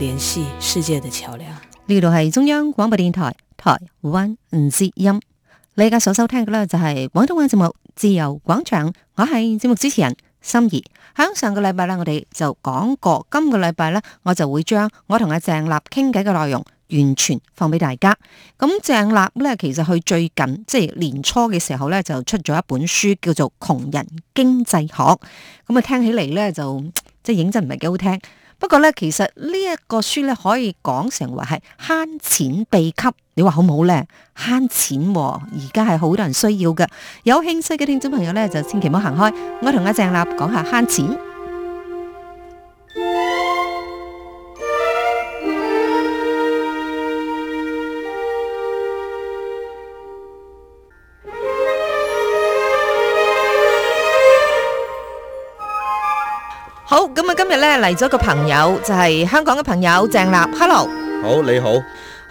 聯繫世界的橋梁呢度係中央廣播電台台灣之音，你而家所收聽嘅呢，就係廣東話節目《自由廣場》，我係節目主持人心怡。喺上個禮拜呢，我哋就講過，今個禮拜呢，我就會將我同阿鄭立傾偈嘅內容完全放俾大家。咁鄭立呢，其實佢最近即係年初嘅時候呢，就出咗一本書，叫做《窮人經濟學》。咁啊，聽起嚟呢，就即係影真唔係幾好聽。不過咧，其實呢一個書咧可以講成為係慳錢秘笈，你話好唔好呢？慳錢，哦，而家係好多人需要嘅。有興趣嘅聽眾朋友呢，就千祈唔好行開。我同阿鄭立講下慳錢。咁啊，今日咧嚟咗個朋友，就係、是、香港嘅朋友鄭立，Hello，好你好。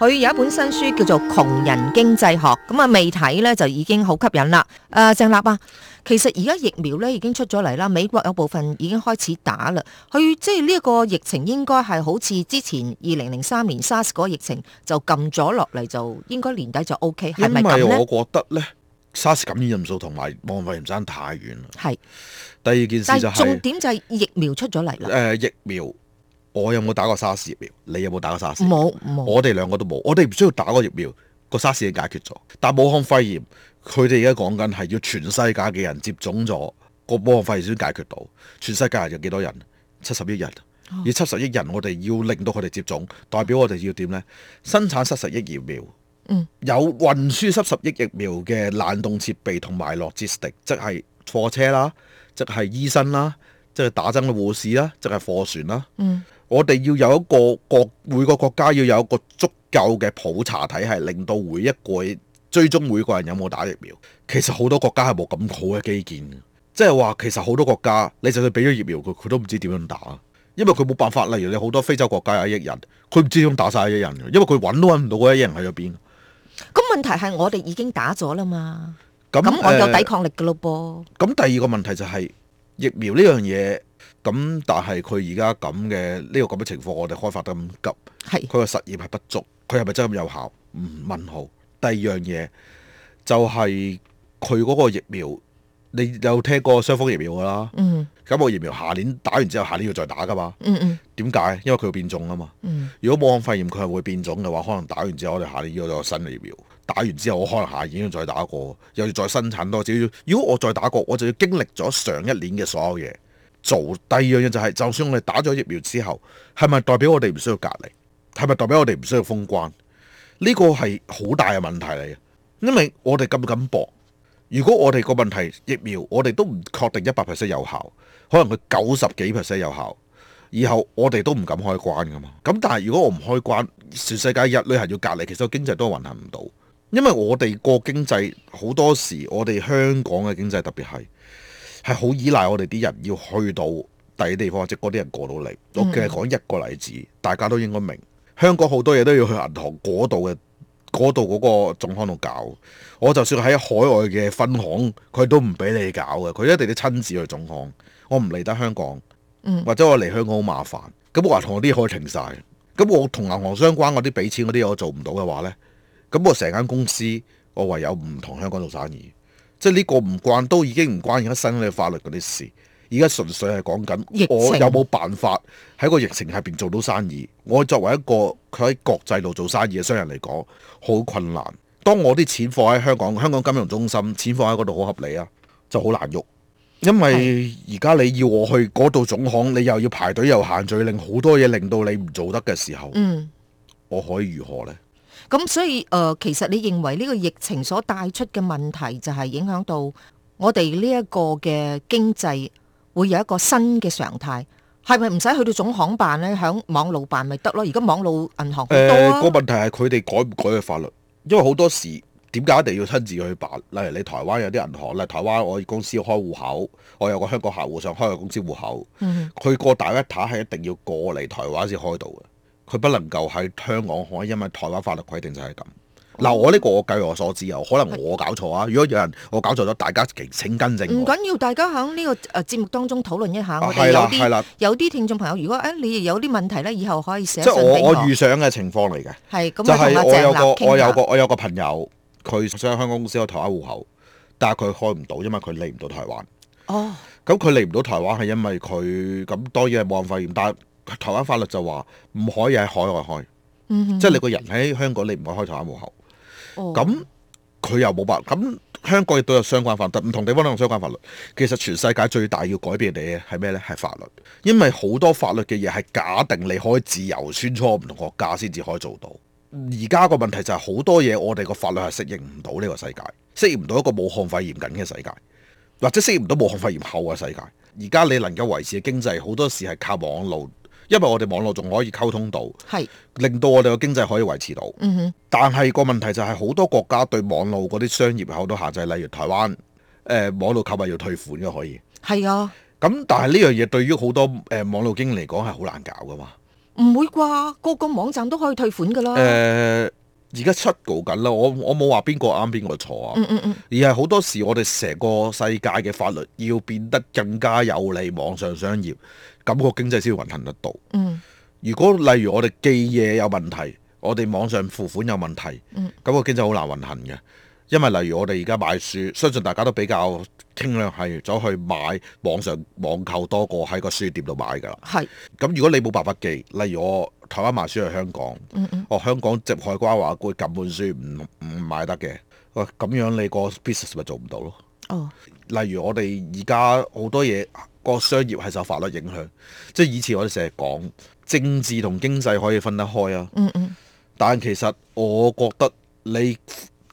佢有一本新書叫做《窮人經濟學》，咁啊未睇咧就已經好吸引啦。誒、呃，鄭立啊，其實而家疫苗咧已經出咗嚟啦，美國有部分已經開始打啦。佢即係呢一個疫情應該係好似之前二零零三年 SARS 嗰個疫情就撳咗落嚟，就應該年底就 OK，係咪，因為我覺得呢。是沙 a 感染人數同埋武漢肺炎差太遠啦。係是，第二件事就係、是、重點就係疫苗出咗嚟啦。誒、呃，疫苗，我有冇打過沙士疫苗？你有冇打過沙士？冇，我哋兩個都冇。我哋唔需要打個疫苗，個沙士已經解決咗。但武漢肺炎，佢哋而家講緊係要全世界嘅人接種咗個武漢肺炎先解決到。全世界有幾多人？七十億人。而七十億人，我哋要令到佢哋接種，代表我哋要點咧？生產七十億疫苗。嗯、有運輸七十億疫苗嘅冷凍設備同埋 logistic，即係貨車啦，即係醫生啦，即係打針嘅護士啦，即係貨船啦。嗯、我哋要有一個國每個國家要有一個足夠嘅普查體系，令到每一個追蹤每個人有冇打疫苗。其實好多國家係冇咁好嘅基建，即係話其實好多國家，你就算俾咗疫苗，佢佢都唔知點樣打，因為佢冇辦法。例如你好多非洲國家有一億人，佢唔知點打晒一億人，因為佢揾都揾唔到嗰一億人喺咗邊。咁問題係我哋已經打咗啦嘛，咁那我有抵抗力噶咯噃。咁、呃、第二個問題就係疫苗呢樣嘢，咁但係佢而家咁嘅呢個咁嘅情況，我哋開發得咁急，係佢個實驗係不足，佢係咪真係咁有效，問號。第二樣嘢就係佢嗰個疫苗，你有聽過雙方疫苗噶啦？嗯。咁個疫苗下年打完之後，下年要再打噶嘛？嗯嗯。點解？因為佢會變種啊嘛。如果武漢肺炎佢係會變種嘅話，可能打完之後我哋下年要有新嘅疫苗。打完之後我可能下年要再打過，又要再生產多少少。如果我再打過，我就要經歷咗上一年嘅所有嘢。做第二樣嘢就係、是，就算我哋打咗疫苗之後，係咪代表我哋唔需要隔離？係咪代表我哋唔需要封關？呢、這個係好大嘅問題嚟，因為我哋咁緊薄。如果我哋個問題疫苗，我哋都唔確定一百 percent 有效，可能佢九十幾 percent 有效，以後我哋都唔敢開關噶嘛。咁但係如果我唔開關，全世界日旅行要隔離，其實個經濟都係運行唔到，因為我哋個經濟好多時，我哋香港嘅經濟特別係係好依賴我哋啲人要去到第啲地方，或者嗰啲人過到嚟。嗯、我淨係講一個例子，大家都應該明，香港好多嘢都要去銀行嗰度嘅，嗰度嗰個總行度搞，我就算喺海外嘅分行，佢都唔俾你搞嘅，佢一定都親自去總行。我唔嚟得香港，或者我嚟香港好麻煩。咁我話同我啲可以停晒，咁我同銀行相關嗰啲俾錢嗰啲我做唔到嘅話呢。咁我成間公司我唯有唔同香港做生意，即係呢個唔關都已經唔關而家新嘅法律嗰啲事。而家純粹係講緊，我有冇辦法喺個疫情下邊做到生意？我作為一個佢喺國際度做生意嘅商人嚟講，好困難。當我啲錢放喺香港，香港金融中心，錢放喺嗰度好合理啊，就好難喐。因為而家你要我去嗰度總行，你又要排隊又限聚，令好多嘢令到你唔做得嘅時候，嗯，我可以如何呢？咁、嗯、所以誒、呃，其實你認為呢個疫情所帶出嘅問題，就係影響到我哋呢一個嘅經濟。會有一個新嘅常態，係咪唔使去到總行辦呢？響網路辦咪得咯？而家網路銀行好多啊、呃。個問題係佢哋改唔改嘅法律？因為好多時點解一定要親自去辦？例如你台灣有啲銀行，例如台灣我哋公司開戶口，我有個香港客戶想開個公司戶口，佢個、嗯、哼大一塔係一定要過嚟台灣先開到嘅，佢不能夠喺香港開，因為台灣法律規定就係咁。嗱，我呢個我據我所知有可能我搞錯啊。如果有人我搞錯咗，大家請跟正。唔緊要，大家喺呢個誒節目當中討論一下。啊、我哋有啲有啲聽眾朋友，如果誒、哎、你有啲問題咧，以後可以寫信俾我。即係我我遇上嘅情況嚟嘅。係咁就係我有個我有個我有個朋友，佢想香港公司開台灣戶口，但係佢開唔到，因為佢嚟唔到台灣。哦。咁佢嚟唔到台灣係因為佢咁當然係武漢肺炎，但係台灣法律就話唔可以喺海外開。即係、嗯、哼你個人喺香港，你唔可以開台灣戶口。咁佢、哦、又冇辦法，咁香港亦都有相關法律，唔同地方都有相關法律。其實全世界最大要改變嘅嘢係咩呢？係法律，因為好多法律嘅嘢係假定你可以自由穿梭唔同國家先至可以做到。而家個問題就係好多嘢我哋個法律係適應唔到呢個世界，適應唔到一個武漢肺炎緊嘅世界，或者適應唔到武漢肺炎後嘅世界。而家你能夠維持嘅經濟好多時係靠網路。因為我哋網絡仲可以溝通到，是令到我哋個經濟可以維持到。嗯、哼但係個問題就係、是、好多國家對網絡嗰啲商業有好多限制，例如台灣，誒、呃，網絡購物要退款都可以，係啊。咁但係呢樣嘢對於好多誒、呃、網絡經營嚟講係好難搞噶嘛？唔會啩？個個網站都可以退款噶啦。呃而家出告緊啦，我我冇話邊個啱邊個錯啊，嗯嗯嗯，而係好多時我哋成個世界嘅法律要變得更加有利網上商業，咁個經濟先會運行得到。嗯，如果例如我哋寄嘢有問題，我哋網上付款有問題，咁個經濟好難運行嘅。因為例如我哋而家買書，相信大家都比較傾向係走去買網上網購多過喺個書店度買噶啦。係咁是，如果你冇辦法寄，例如我。台灣賣書去香港，嗯嗯哦，香港海關話佢撳本書唔唔買得嘅。喂、哦、咁樣你個 business 咪做唔到咯？哦，例如我哋而家好多嘢，個商業係受法律影響，即係以前我哋成日講政治同經濟可以分得開啊，嗯嗯，但其實我覺得你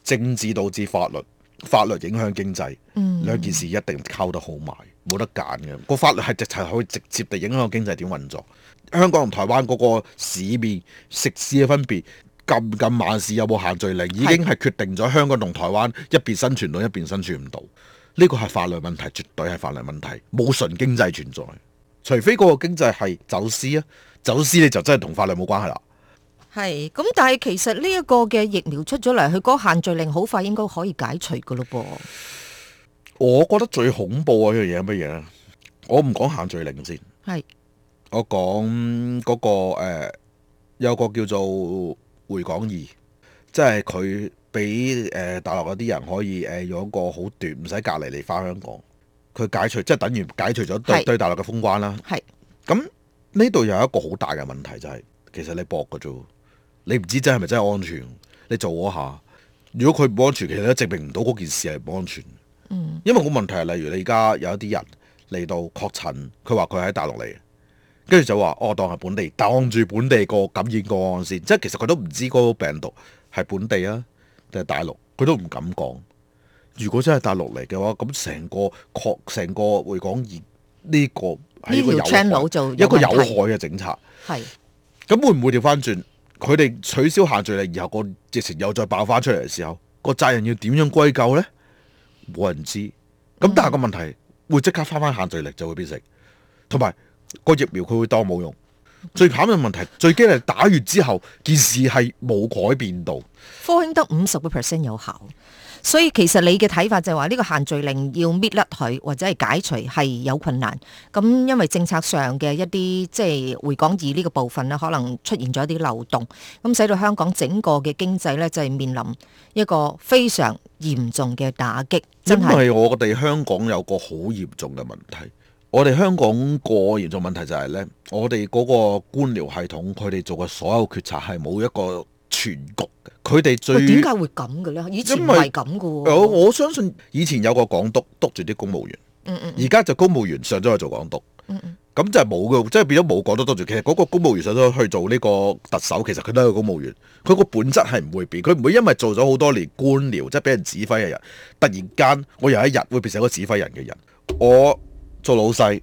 政治導致法律。法律影響經濟，兩件事一定溝得好埋，冇得揀嘅。個法律係直頭可以直接地影響經濟點運作。香港同台灣嗰個市面食肆嘅分別，咁咁萬事有冇限聚令，已經係決定咗香港同台灣一邊生存到，一邊生存唔到。呢、這個係法律問題，絕對係法律問題，冇純經濟存在。除非嗰個經濟係走私啊，走私你就真係同法律冇關係啦。係咁，但係其實呢一個嘅疫苗出咗嚟，佢嗰個限聚令好快應該可以解除噶咯噃。我覺得最恐怖呢樣嘢係乜嘢咧？我唔講限聚令先，係是我講嗰、那個誒、呃，有個叫做回港易，即係佢俾誒大陸嗰啲人可以誒用、呃、一個好短唔使隔離嚟翻香港。佢解除即係等於解除咗對是對大陸嘅封關啦。係咁呢度有一個好大嘅問題就係、是，其實你博噶啫。你唔知是是真係咪真係安全？你做嗰下，如果佢唔安全，其實都證明唔到嗰件事係唔安全。嗯。因為個問題係，例如你而家有一啲人嚟到確診，佢話佢喺大陸嚟，跟住就話我、哦、當係本地，當住本地個感染個案先。即係其實佢都唔知嗰個病毒係本地啊定係大陸，佢都唔敢講。如果真係大陸嚟嘅話，咁成個確，成個，個會講而呢個呢條 channel 一個有害嘅政策。係是。咁會唔會調翻轉？佢哋取消限聚力，然後個疫情又再爆發出嚟嘅時候，個責任要點樣歸咎呢？冇人知。咁但係個問題、嗯、會即刻翻翻限聚力就會變成，同埋個疫苗佢會當冇用。最慘嘅問題，最驚係打完之後件事係冇改變到。科興得五十個 percent 有效。所以其實你嘅睇法就係話呢個限聚令要搣甩佢或者係解除係有困難，咁因為政策上嘅一啲即係回港易呢個部分呢，可能出現咗一啲漏洞，咁使到香港整個嘅經濟呢，就係面臨一個非常嚴重嘅打擊。因為我哋香港有個好嚴重嘅問題，我哋香港個嚴重問題就係呢：我哋嗰個官僚系統佢哋做嘅所有決策係冇一個全局，佢哋最點解會咁嘅咧？以前唔係咁噶。我我相信以前有個港督督住啲公務員，而家、嗯嗯、就公務員上咗去做港督，嗯咁、嗯、就係冇嘅，即、就、係、是、變咗冇港督督住。其實嗰個公務員上咗去做呢個特首，其實佢都係個公務員，佢個本質係唔會變，佢唔會因為做咗好多年官僚，即係俾人指揮嘅人。突然間，我有一日會變成一個指揮人嘅人。我做老細，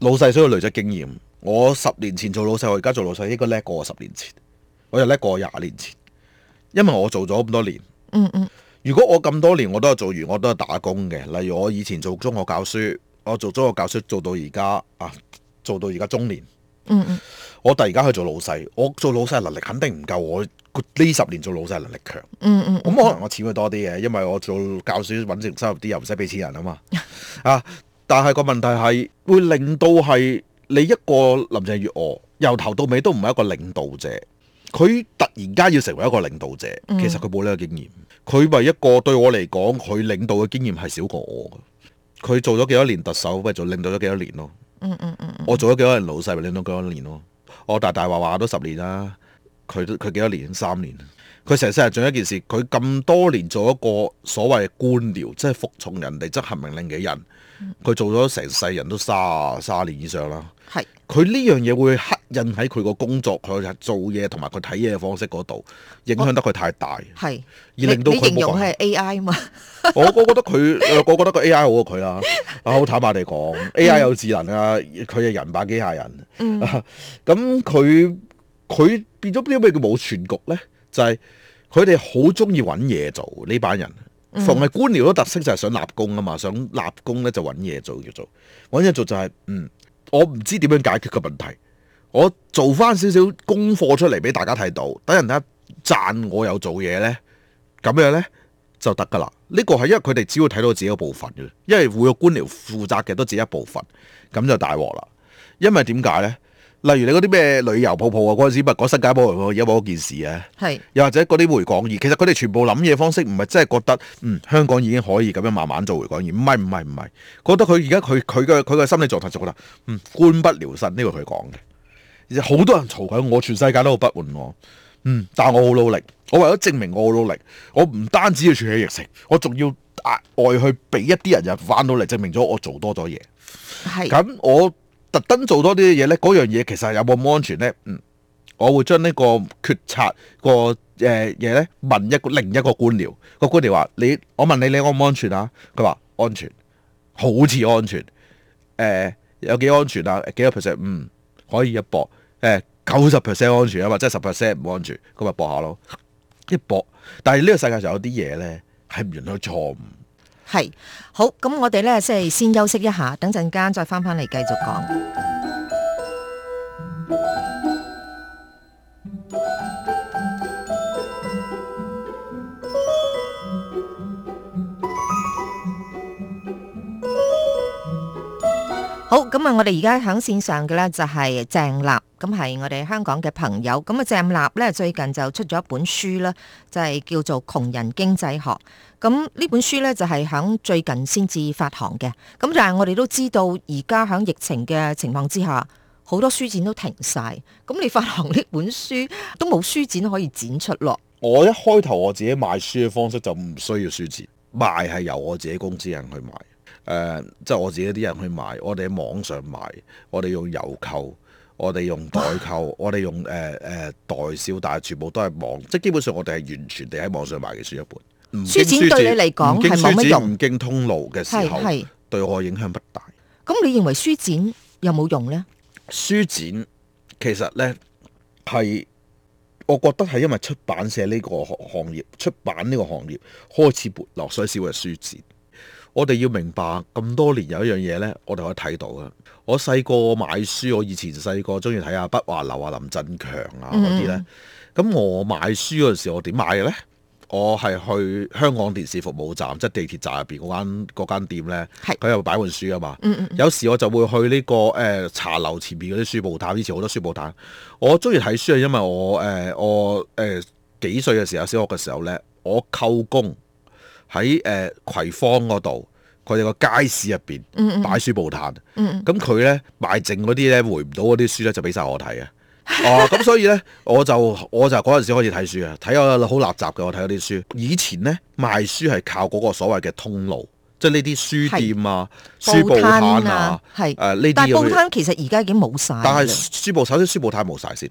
老細需要累積經驗。我十年前做老細，我而家做老細應該叻過我十年前，我又叻過我廿年前。因為我做咗咁多年，嗯嗯，如果我咁多年我都係做完，我都係打工嘅。例如我以前做中學教書，我做中學教書做到而家，啊，做到而家中年，嗯嗯，我突然間去做老細，我做老細能力肯定唔夠，我呢十年做老細能力強，嗯嗯，咁、嗯、可能我錢會多啲嘅，因為我做教書穩定收入啲，又唔使俾錢人啊嘛，啊，但係個問題係會令到係你一個林鄭月娥由頭到尾都唔係一個領導者。佢突然間要成為一個領導者，其實佢冇呢個經驗。佢係一個對我嚟講，佢領導嘅經驗係少過我嘅。佢做咗幾多年特首，咪做領導咗幾多年咯？嗯嗯嗯。我做咗幾多年老細，咪領導幾多年咯？我大大話話都十年啦。佢佢幾多年？三年。佢成世成日做一件事，佢咁多年做一個所謂官僚，即係服從人哋執行命令嘅人。佢做咗成世人都卅卅年以上啦，係佢呢樣嘢會刻印喺佢個工作、佢做嘢同埋佢睇嘢嘅方式嗰度，影響得佢太大，係而令到佢冇。你形容係 A I 嘛？我 我覺得佢，我覺得個 A I 好過佢啦。 啊，好坦白地講，A I 有智能啊，佢係人扮機械人。嗯，咁佢佢變咗邊咩？佢冇全局咧，就係佢哋好中意揾嘢做呢班人。逢係官僚嘅特色就係想立功啊嘛，想立功咧就揾嘢做要做，揾嘢做就係、是，嗯，我唔知點樣解決個問題，我做翻少少功課出嚟俾大家睇到，等人一讚我有做嘢咧，咁樣咧就得噶啦，呢、這個係因為佢哋只要睇到自己嘅部分嘅，因為每個官僚負責嘅都自己一部分，咁就大鑊啦，因為點解咧？例如你嗰啲咩旅遊泡泡啊，嗰陣時咪講新加坡有冇嗰件事啊，係是又或者嗰啲回港易，其實佢哋全部諗嘢方式唔係真係覺得嗯香港已經可以咁樣慢慢做回港易，唔係唔係唔係，覺得佢而家佢佢嘅佢嘅心理狀態就覺得嗯官不聊生呢個佢講嘅，好多人嘈緊，我全世界都好不滿我，嗯，但我好努力，我為咗證明我好努力，我唔單止要處理疫情，我仲要額外去俾一啲人入翻到嚟證明咗我做多咗嘢，係咁是我。特登做多啲嘢呢，嗰樣嘢其實有冇安全呢？嗯，我會將呢個決策個誒嘢呢問一另一個官僚，個官僚話：你我問你你安唔安全啊？佢話安全，好似安全。誒、呃、有幾安全啊？幾多 %？percent？嗯，可以一搏。誒九十 percent 安全啊，或者十 percent 唔安全，咁咪搏下咯。一搏，但係呢個世界上有啲嘢呢，係唔容許錯誤。係好，咁我哋呢即係先休息一下，等陣間再翻翻嚟，繼續講。好，咁啊，我哋而家喺綫上嘅呢就係鄭立。咁係我哋香港嘅朋友，咁啊鄭立咧最近就出咗一本書啦，就係叫做《窮人經濟學》。咁呢本書呢，就係喺最近先至發行嘅。咁就係我哋都知道，而家喺疫情嘅情況之下，好多書展都停晒。咁你發行呢本書都冇書展可以展出咯。我一開頭我自己賣書嘅方式就唔需要書展，賣係由我自己公司人去賣，誒，即係我自己啲人去賣。我哋喺網上賣，我哋用郵購。我哋用代購，我哋用誒誒、呃呃、代銷，但係全部都係網，即係基本上我哋係完全地喺網上買嘅書一本。書展對你嚟講係冇乜用，唔經，經通路嘅時候，對我影響不大。咁你認為書展有冇用呢？書展其實呢係，我覺得係因為出版社呢個行業，出版呢個行業開始薄落，所以先會係書展。我哋要明白咁多年有一樣嘢呢，我哋可以睇到嘅。我細個買書，我以前細個中意睇阿畢華流、阿林振強啊嗰啲咧。咁我買書嗰陣時，我點買嘅咧？我係去香港電視服務站，即係地鐵站入邊嗰間間店咧。佢有擺滿書啊嘛。嗯嗯。有時我就會去呢、這個誒、呃、茶樓前面嗰啲書報攤。以前好多書報攤。我中意睇書係因為我誒、呃、我誒、呃、幾歲嘅時候，小學嘅時候咧，我舅公喺誒葵芳嗰度。佢哋個街市入邊擺書報攤，咁佢咧賣剩嗰啲咧回唔到嗰啲書咧就俾晒我睇 啊！哦，咁所以咧我就我就嗰陣時開始睇書啊，睇下好垃圾噶，我睇嗰啲書。以前咧賣書係靠嗰個所謂嘅通路，即係呢啲書店啊、是書報攤啊，係誒呢啲。但係報攤其實而家已經冇晒。但係書報，首先書報攤冇晒先。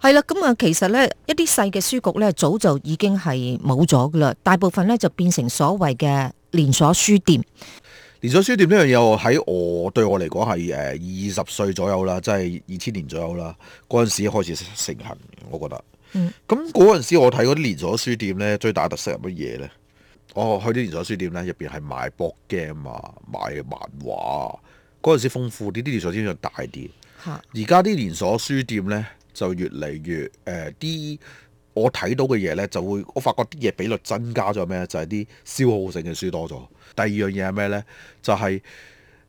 係啦，咁啊，其實咧一啲細嘅書局咧早就已經係冇咗噶啦，大部分咧就變成所謂嘅。連鎖書店，連鎖書店呢樣嘢喺我對我嚟講係誒二十歲左右啦，即係二千年左右啦。嗰陣時開始盛行，我覺得。嗯。咁嗰陣時我睇嗰啲連鎖書店咧，最大特色係乜嘢咧？我去啲連鎖書店咧，入邊係賣 board game 啊，賣漫畫啊。嗰陣時豐富啲，啲連鎖書店大啲。而家啲連鎖書店咧，就越嚟越誒啲。呃我睇到嘅嘢呢，就會我發覺啲嘢比率增加咗咩？就係、是、啲消耗性嘅書多咗。第二樣嘢係咩呢？就係、是、誒、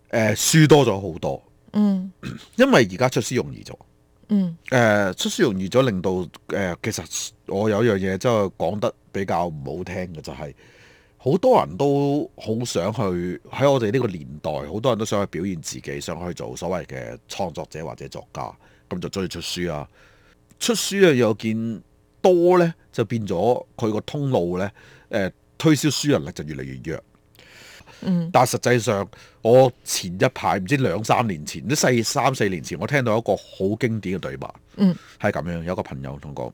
呃、書多咗好多。嗯， 因為而家出書容易咗。嗯、呃，誒出書容易咗，令到誒、呃、其實我有一樣嘢，真係講得比較唔好聽嘅，就係、是、好多人都好想去喺我哋呢個年代，好多人都想去表現自己，想去做所謂嘅創作者或者作家，咁就中意出書啊。出書咧又見多咧就變咗佢個通路咧，誒、呃，推銷書能力就越嚟越弱。嗯，但係實際上我前一排唔知兩三年前，即係三四年前，我聽到一個好經典嘅對白，嗯，係咁樣，有個朋友同我講，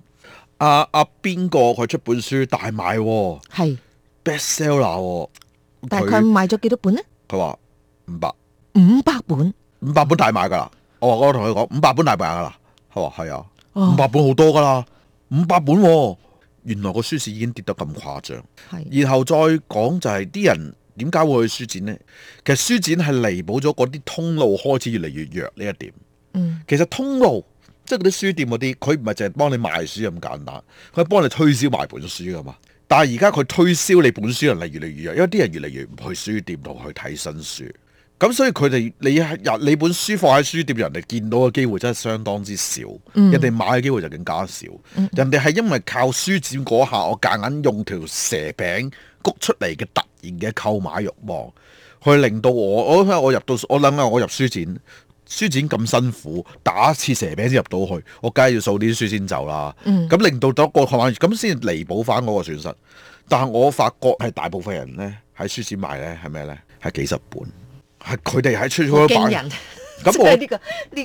阿阿邊個佢出本書大賣、哦，係是 bestseller，但、哦、係佢賣咗幾多本咧？佢話五百五百本，五百本大賣噶啦。我話我同佢講五百本大賣噶啦，佢話係啊，五百本好多噶啦。哦 五百本、哦，原來個書市已經跌得咁誇張。係。然後再講就係、係、啲人點解會去書展呢？其實書展係彌補咗嗰啲通路開始越嚟越弱呢一點。嗯、其實通路即係嗰啲書店嗰啲，佢唔係淨係幫你賣書咁簡單，佢係幫你推銷賣本書㗎嘛。但係而家佢推銷你本書能力越嚟越弱，因為啲人越嚟越唔去書店度去睇新書。咁所以佢哋你入你本書放喺書店，人哋見到嘅機會真係相當之少，嗯、人哋買嘅機會就更加少。嗯、人哋係因為靠書展嗰下，我夾硬用條蛇餅谷出嚟嘅突然嘅購買欲望，去令到我我我入到我諗下，我入書展，書展咁辛苦，打一次蛇餅先入到去，我梗係要掃啲書先走啦。咁、嗯、令到咗個咁先彌補翻嗰個損失。但係我發覺係大部分人咧喺書展買咧係咩咧？係幾十本。係佢哋喺出咗版，咁驚 我呢個呢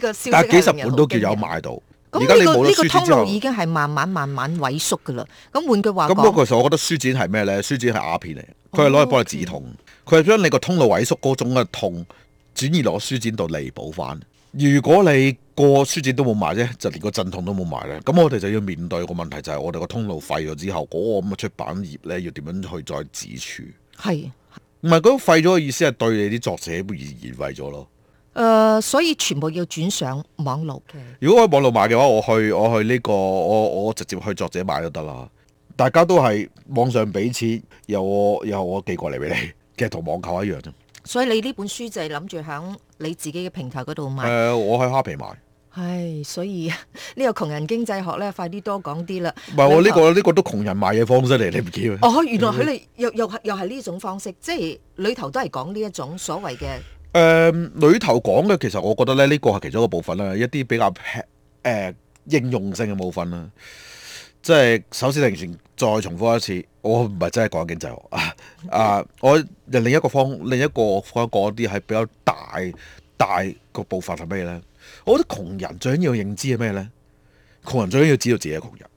個，這個、但係幾十本都叫有買到。咁而家你冇咗書之後，這個、已經係慢慢慢慢萎縮噶啦。咁換句話講，咁不過其實我覺得書展係咩咧？書展係鴉片嚟，佢係攞嚟幫你止痛，佢係將你個通路萎縮嗰種嘅痛轉移落書展度彌補翻。如果你過書展都冇賣啫，就連個陣痛都冇賣咧，咁我哋就要面對個問題，就係、是、我哋個通路廢咗之後，嗰、那個咁嘅出版業咧要點樣去再止處？係。唔係，佢廢咗嘅意思係對你啲作者而言廢咗咯。誒、呃，所以全部要轉上網絡嘅。如果我喺網絡買嘅話，我去我去呢、這個，我我直接去作者買都得啦。大家都係網上俾錢，由我由我寄過嚟俾你，其實同網購一樣啫。所以你呢本書就係諗住喺你自己嘅平台嗰度買。誒、呃，我去蝦皮買。係，所以呢個窮人經濟學咧，快啲多講啲啦。唔係我呢個呢、這個都窮人買嘢方式嚟，你唔見？哦，原來佢哋直又又又係呢種方式，即係裏頭都係講呢一種所謂嘅。誒、呃，裏頭講嘅其實我覺得咧，呢、這個係其中一個部分啦，一啲比較誒、呃、應用性嘅部分啦。即係首先，停船，再重複一次，我唔係真係講經濟學啊！啊、呃，嗯、我另一個方，另一個方講啲係比較大大個部分係咩咧？我覺得窮人最緊要認知係咩呢？窮人最緊要知道自己係窮人。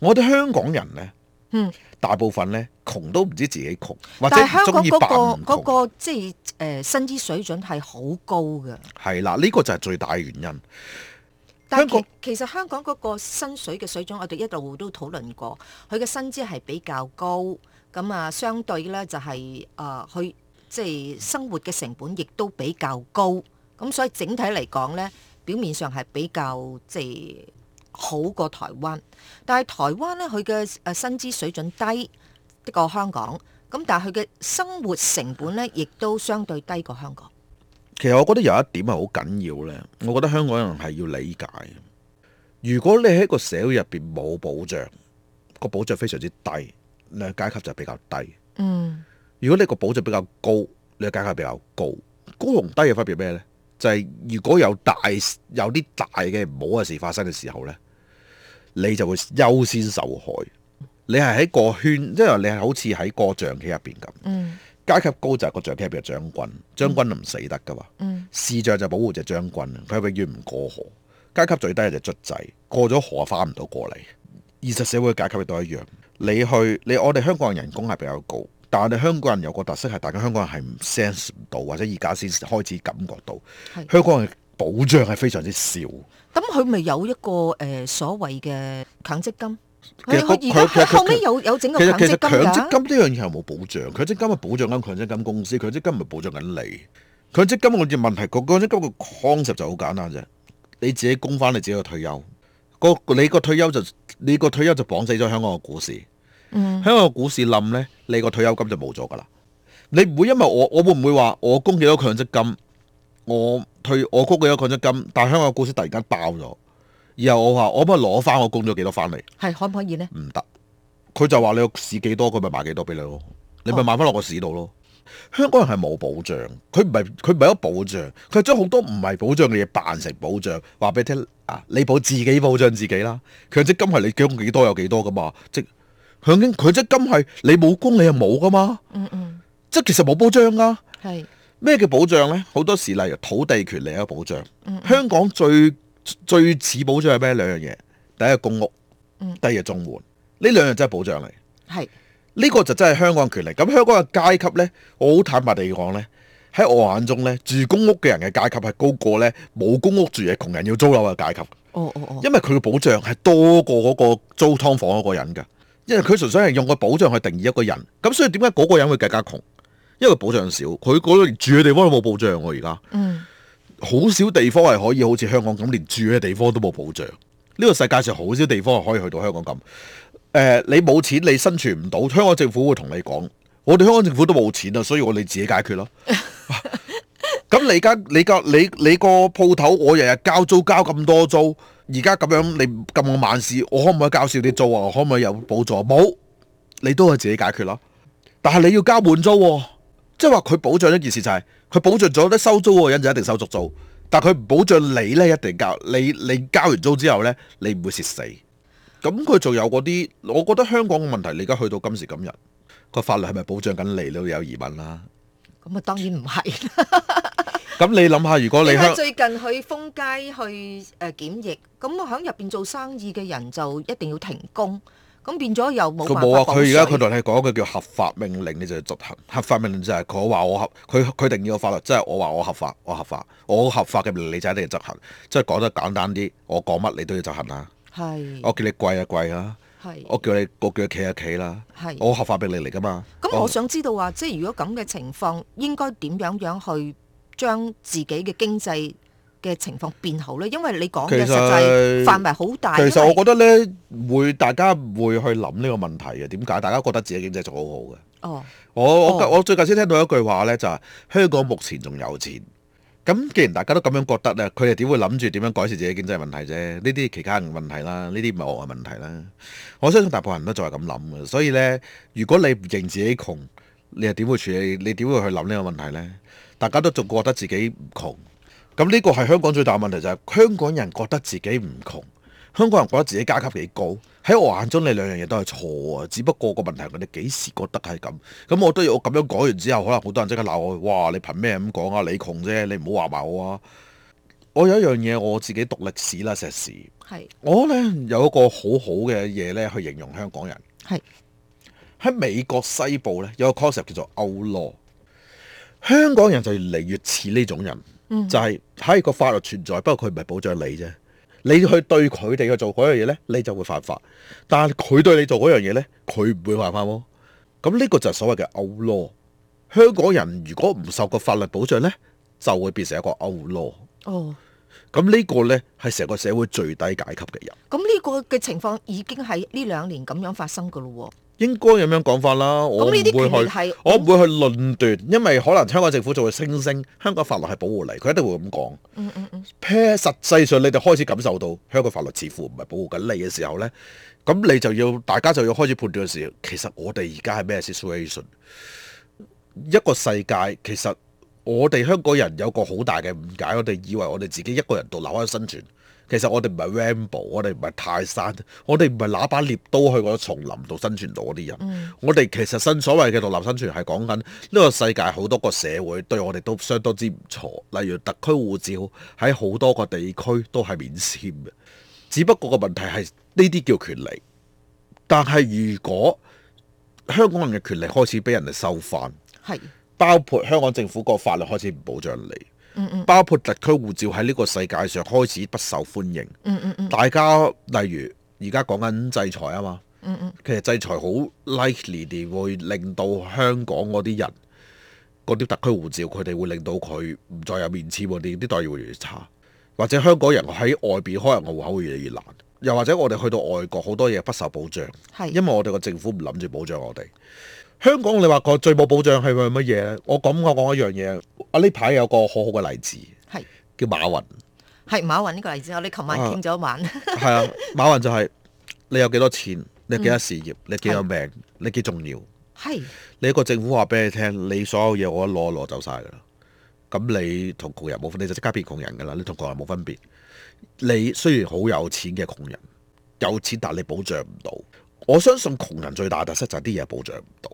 我哋香港人呢，嗯，大部分呢，窮都唔知自己窮，或者但香港嗰、嗰個、嗰個即係誒薪資水準係好高嘅。係啦，呢、呢個就係最大嘅原因。但係其實香港嗰個薪水嘅水準，我哋一路都討論過，佢嘅薪資係比較高，咁啊相對呢、就係，就係啊佢即係生活嘅成本亦都比較高，咁所以整體嚟講呢。表面上係比較即係好過台灣，但係台灣呢，佢嘅誒薪資水準低啲過香港。咁但係佢嘅生活成本呢，亦都相對低過香港。其實我覺得有一點係好緊要呢，我覺得香港人係要理解，如果你喺個社會入邊冇保障，個保障非常之低，你嘅階級就比較低。嗯，如果你個保障比較高，你嘅階級比較高，高同低嘅分別咩呢？就係如果有大有啲大嘅唔好嘅事發生嘅時候呢，你就會優先受害。你係喺個圈，因為你係好似喺個象棋入邊咁。階、嗯、級高就係個象棋入邊嘅將軍，將軍唔死得噶嘛。嗯、士象就保護隻將軍，佢永遠唔過河。階級最低就係卒仔，過咗河翻唔到過嚟。現實社會嘅階級亦都一樣，你去你我哋香港人人工係比較高。但係香港人有個特色係，大家香港人係唔 sense 唔到，或者而家先開始感覺到，是香港人保障係非常之少。咁佢咪有一個誒、呃、所謂嘅強積金，其實後尾有有整個強積金其。其實強積金呢樣嘢係冇保障，強積金係保障緊強積金公司，強積金唔係保障緊你。強積金我哋問題，強積金嘅 concept 就好簡單啫，你自己供翻你自己嘅退休，個你個退休就你個退，退休就綁死咗香港嘅股市。嗯、香港股市冧咧，你個退休金就冇咗噶啦。你唔會因為我，我會唔會話我供幾多強積金，我退我供幾多強積金，但係香港股市突然間爆咗，然後我話我可唔可以攞翻我供咗幾多翻嚟？係可唔可以咧？唔得，佢就話你有市幾多，佢咪買幾多俾你咯。你咪買翻落個市度咯。哦、香港人係冇保障，佢唔係佢唔係有保障，佢係將好多唔係保障嘅嘢扮成保障。話俾你聽啊，你保自己保障自己啦。強積金係你供幾多有幾多噶嘛，即佢即係金係，你冇工你又冇噶嘛？嗯嗯，嗯即係其實冇保障啊。係咩是叫保障咧？好多時，例如土地權利係一個保障。嗯、香港最最似保障係咩？兩樣嘢，第一係公屋，嗯、第二係綜援，呢兩樣真係保障嚟。係呢是個就真係香港嘅權利。咁香港嘅階級咧，我好坦白地講咧，喺我眼中咧，住公屋嘅人嘅階級係高過咧冇公屋住嘅窮人要租樓嘅階級。哦哦哦。因為佢嘅保障係多過嗰個租劏房嗰個房嘅人噶。因為佢純粹係用個保障去定義一個人，咁所以點解嗰個人會更加窮？因為保障少，佢嗰度住嘅地方冇保、嗯、保障。而家，好少地方係可以好似香港咁，連住嘅地方都冇保障。呢個世界上好少地方係可以去到香港咁。誒、呃，你冇錢你生存唔到，香港政府會同你講，我哋香港政府都冇錢呀，所以我哋自己解決囉。咁 你間你個你你個鋪頭，我日日交租交咁多租。而家咁樣，你咁我萬事，我可唔可以交少啲租啊？我可唔可以有補助啊？冇，你都係自己解決啦啊。但係你要交滿租，啊，即係話佢保障一件事就係是，佢保障咗得收租嘅人就一定收足租。但係佢唔保障你呢，一定交。你你交完租之後呢，你唔會蝕死。咁佢仲有嗰啲，我覺得香港嘅問題，你而家去到今時今日，個法律係咪保障緊你？你會有疑問啦。咁啊，當然唔係。咁你諗下，如果你喺最近去封街去誒檢疫，咁我喺入邊做生意嘅人就一定要停工，咁變咗又冇。佢冇啊！佢而家佢同你講一句叫合法命令，你就要執行。合法命令就係佢話我合，佢佢定要個法律，即係我話我合法，我合法，我合法嘅，你就一定要執行。即係講得簡單啲，我講乜你都要執行啦！係。我叫你跪啊跪啦！係。我叫你我叫你企啊企啦！係。我合法命令嚟噶嘛？咁我想知道啊，哦，即係如果咁嘅情況，應該點樣樣去？將自己嘅經濟嘅情況變好咧，因為你講嘅實際範圍好大。其實，為其實我覺得咧，會大家會去諗呢個問題嘅。點解大家覺得自己經濟仲好好嘅？哦，我我、哦、我最近先聽到一句話咧，就係、是、香港目前仲有錢。咁既然大家都咁樣覺得咧，佢哋點會諗住點樣改善自己經濟問題啫？呢啲其他人問題啦，呢啲唔係我嘅問題啦。我相信大部分人都仲係咁諗嘅。所以咧，如果你唔認自己窮，你又點會處理？你點會去諗呢個問題咧？大家都仲覺得自己唔窮，咁呢個係香港最大問題，就係、是、香港人覺得自己唔窮，香港人覺得自己階級幾高。喺我眼中，你兩樣嘢都係錯啊！只不過個問題係你幾時覺得係咁？咁我都要我咁樣講完之後，可能好多人即刻鬧我：哇！你憑咩咁講啊？你窮啫，你唔好話埋我啊！我有一樣嘢，我自己讀歷史啦，碩士，係是我呢，有一個好好嘅嘢呢去形容香港人係喺是美國西部呢，有個 concept 叫做 outlaw。香港人就越嚟越似呢種人，嗯、就係，喺個法律存在，不過佢唔係保障你啫。你去對佢哋去做嗰樣嘢呢，你就會犯法；但係佢對你做嗰樣嘢呢，佢唔會犯法喎。咁、這、呢個就係所謂嘅 outlaw。香港人如果唔受個法律保障呢，就會變成一個 outlaw。哦。咁呢個呢，係成個社會最低階級嘅人。咁呢、哦、個嘅情況已經喺呢兩年咁樣發生㗎咯喎。應該咁樣講法啦，我唔會去，我唔會去論斷，嗯、因為可能香港政府就會聲聲，香港法律係保護你，佢一定會咁講，嗯。嗯嗯，實際上，你哋開始感受到香港法律似乎唔係保護緊你嘅時候呢，咁你就要大家就要開始判斷嘅時候，其實我哋而家係咩 situation？一個世界，其實我哋香港人有個好大嘅誤解，我哋以為我哋自己一個人獨立可以生存。其實我哋唔係 Rambo，我哋唔係泰山，我哋唔係拿把獵刀去個叢林度生存到嗰啲人。嗯、我哋其實新所謂嘅獨立生存係講緊呢個世界好多個社會對我哋都相當之唔錯。例如特區護照喺好多個地區都係免簽嘅，只不過個問題係呢啲叫權利。但係如果香港人嘅權利開始俾人哋收翻，是包括香港政府個法律開始唔保障你。.包括特區護照喺呢個世界上開始不受歡迎。嗯嗯嗯、大家例如而家講緊制裁啊嘛。嗯嗯、其實制裁好 likely 會令到香港嗰啲人，嗰啲特區護照佢哋會令到佢唔再有免簽喎，啲待遇會越嚟越差。或者香港人喺外邊開個戶口會越嚟越難。又或者我哋去到外國好多嘢不受保障，的因為我哋個政府唔諗住保障我哋。香港你話個最冇保障係為乜嘢咧？我咁我講一樣嘢。啊呢排有個好好嘅例子，係是叫馬雲，係馬雲呢個例子。我哋琴晚傾咗一晚，係啊，啊，馬雲就係、是、你有幾多錢，你幾多事業，嗯、你幾有命，是你幾重要，係是你一個政府話俾你聽，你所有嘢我一攞攞走晒噶啦。咁你同窮人冇分，你就即刻變窮人噶啦，你同窮人冇分別。你雖然好有錢嘅窮人，有錢但你保障唔到。我相信窮人最大特色就係啲嘢保障唔到。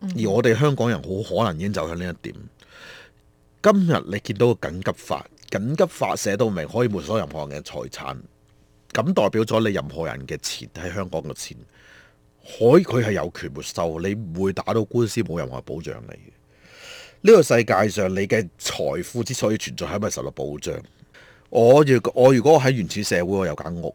而我哋香港人好可能已經走向呢一點。今日你見到緊急法，緊急法寫到明可以沒收任何人嘅財產，咁代表咗你任何人嘅錢喺香港嘅錢，可以，佢係有權沒收，你唔會打到官司，冇任何保障你呢、這個世界上，你嘅財富之所以存在，係咪受到保障？我若我如果喺原始社會，我有間屋，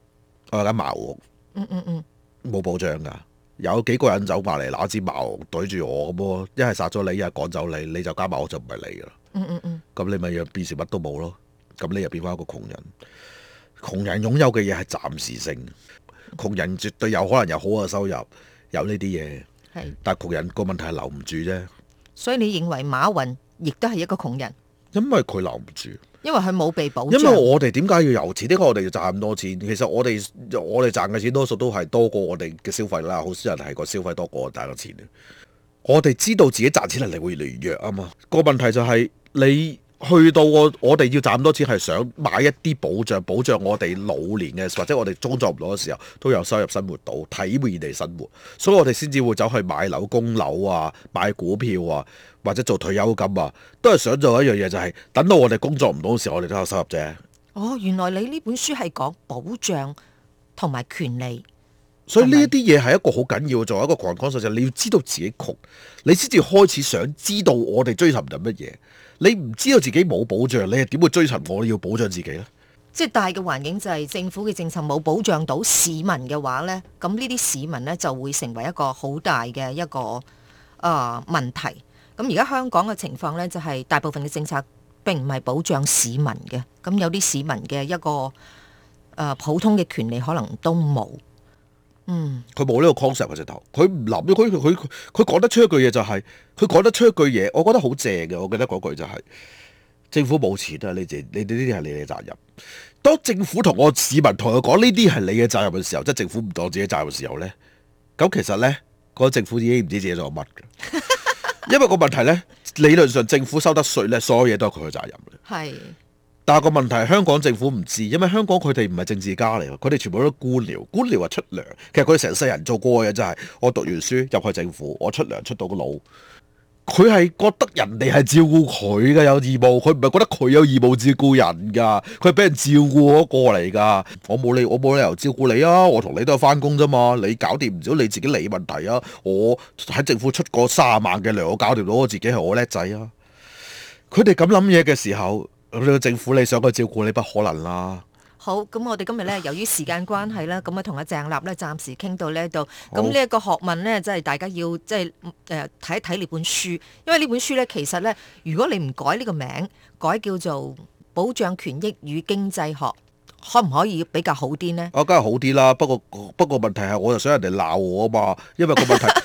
我有間茅屋，冇、嗯嗯嗯、保障噶。有幾個人走埋嚟拿支矛對住我咁喎，一係殺咗你，一係趕走你，你就加埋我就唔係你㗎啦。嗯嗯嗯，咁你咪又變成乜都冇咯？咁你又變翻一個窮人。窮人擁有嘅嘢係暫時性，窮人絕對有可能有好嘅收入，有呢啲嘢。係是，但係窮人個問題係留唔住啫。所以你認為馬雲亦都係一個窮人？因為佢留唔住。因為佢冇被保障。因為我哋點解要有錢？因為我哋要賺咁多錢。其實我哋我哋賺嘅錢多數都係多過我哋嘅消費啦。好少人係個消費多過我賺嘅錢。我哋知道自己賺錢能力會越嚟越弱啊嘛。個問題就係、是、你。去到我我哋要賺多錢，係想買一啲保障，保障我哋老年嘅，或者我哋工作唔到嘅時候，都有收入生活到體面地生活。所以，我哋先至會走去買樓供樓啊，買股票啊，或者做退休金啊，都係想做一樣嘢、就係，就係等到我哋工作唔到嘅時候，我哋都有收入啫。哦，原來你呢本書係講保障同埋權利，所以呢一啲嘢係一個好緊要，作為一個狂講術就係、你要知道自己窮，你先至開始想知道我哋追尋緊乜嘢。你唔知道自己冇保障，你係點會追尋我要保障自己呢？即係大嘅環境就係政府嘅政策冇保障到市民嘅話呢，咁呢啲市民呢，就會成為一個好大嘅一個啊、呃、問題。咁而家香港嘅情況呢，就係、是、大部分嘅政策並唔係保障市民嘅，咁有啲市民嘅一個誒、呃、普通嘅權利可能都冇。嗯，佢冇呢個 concept 嘅，直頭佢唔諗，佢佢佢講得出一句嘢就係、是，佢講得出一句嘢，我覺得好正嘅，我記得嗰句就係、是，政府冇錢啊，你哋你哋呢啲係你哋嘅責任。當政府同我市民同佢講呢啲係你嘅責任嘅時候，即係政府唔當自己責任嘅時候咧，咁其實咧，嗰、那個政府已經唔知自己做乜㗎。因為個問題咧，理論上政府收得稅咧，所有嘢都係佢嘅責任。係。但係個問題係香港政府唔知，因為香港佢哋唔係政治家嚟，佢哋全部都官僚，官僚話出糧，其實佢哋成世人做過嘅就係、是、我讀完書入去政府，我出糧出到個腦，佢係覺得人哋係照顧佢嘅有義務，佢唔係覺得佢有義務照顧人噶，佢係俾人照顧我過嚟噶，我冇你我冇理由照顧你啊，我同你都係翻工啫嘛，你搞掂唔少你自己理問題啊，我喺政府出過三十萬嘅糧，我搞掂到我自己係我叻仔啊，佢哋咁諗嘢嘅時候。政府你想佢照顧你不可能啦。好，咁我哋今日咧，由於時間關係啦，咁啊同阿鄭立咧暫時傾到呢度。咁呢一個學問咧，就係大家要即係誒睇一睇呢本書，因為呢本書咧其實咧，如果你唔改呢個名，改叫做《保障權益與經濟學》，可唔可以比較好啲呢？啊，梗係好啲啦，不過不過問題係，我就想人哋鬧我啊嘛，因為個問題。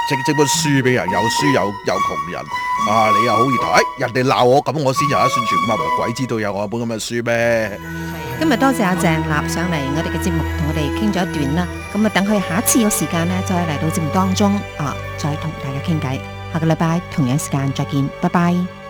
整整本書俾人，有書有有窮人啊！你又好熱睇。人哋鬧我，咁我先有一宣傳，咁鬼知道有我本咁嘅書咩？今日多謝阿鄭立上嚟，我哋嘅節目同我哋傾咗一段啦。咁啊，等佢下一次有時間咧，再嚟到節目當中啊，再同大家傾偈。下個禮拜同樣時間再見，拜拜。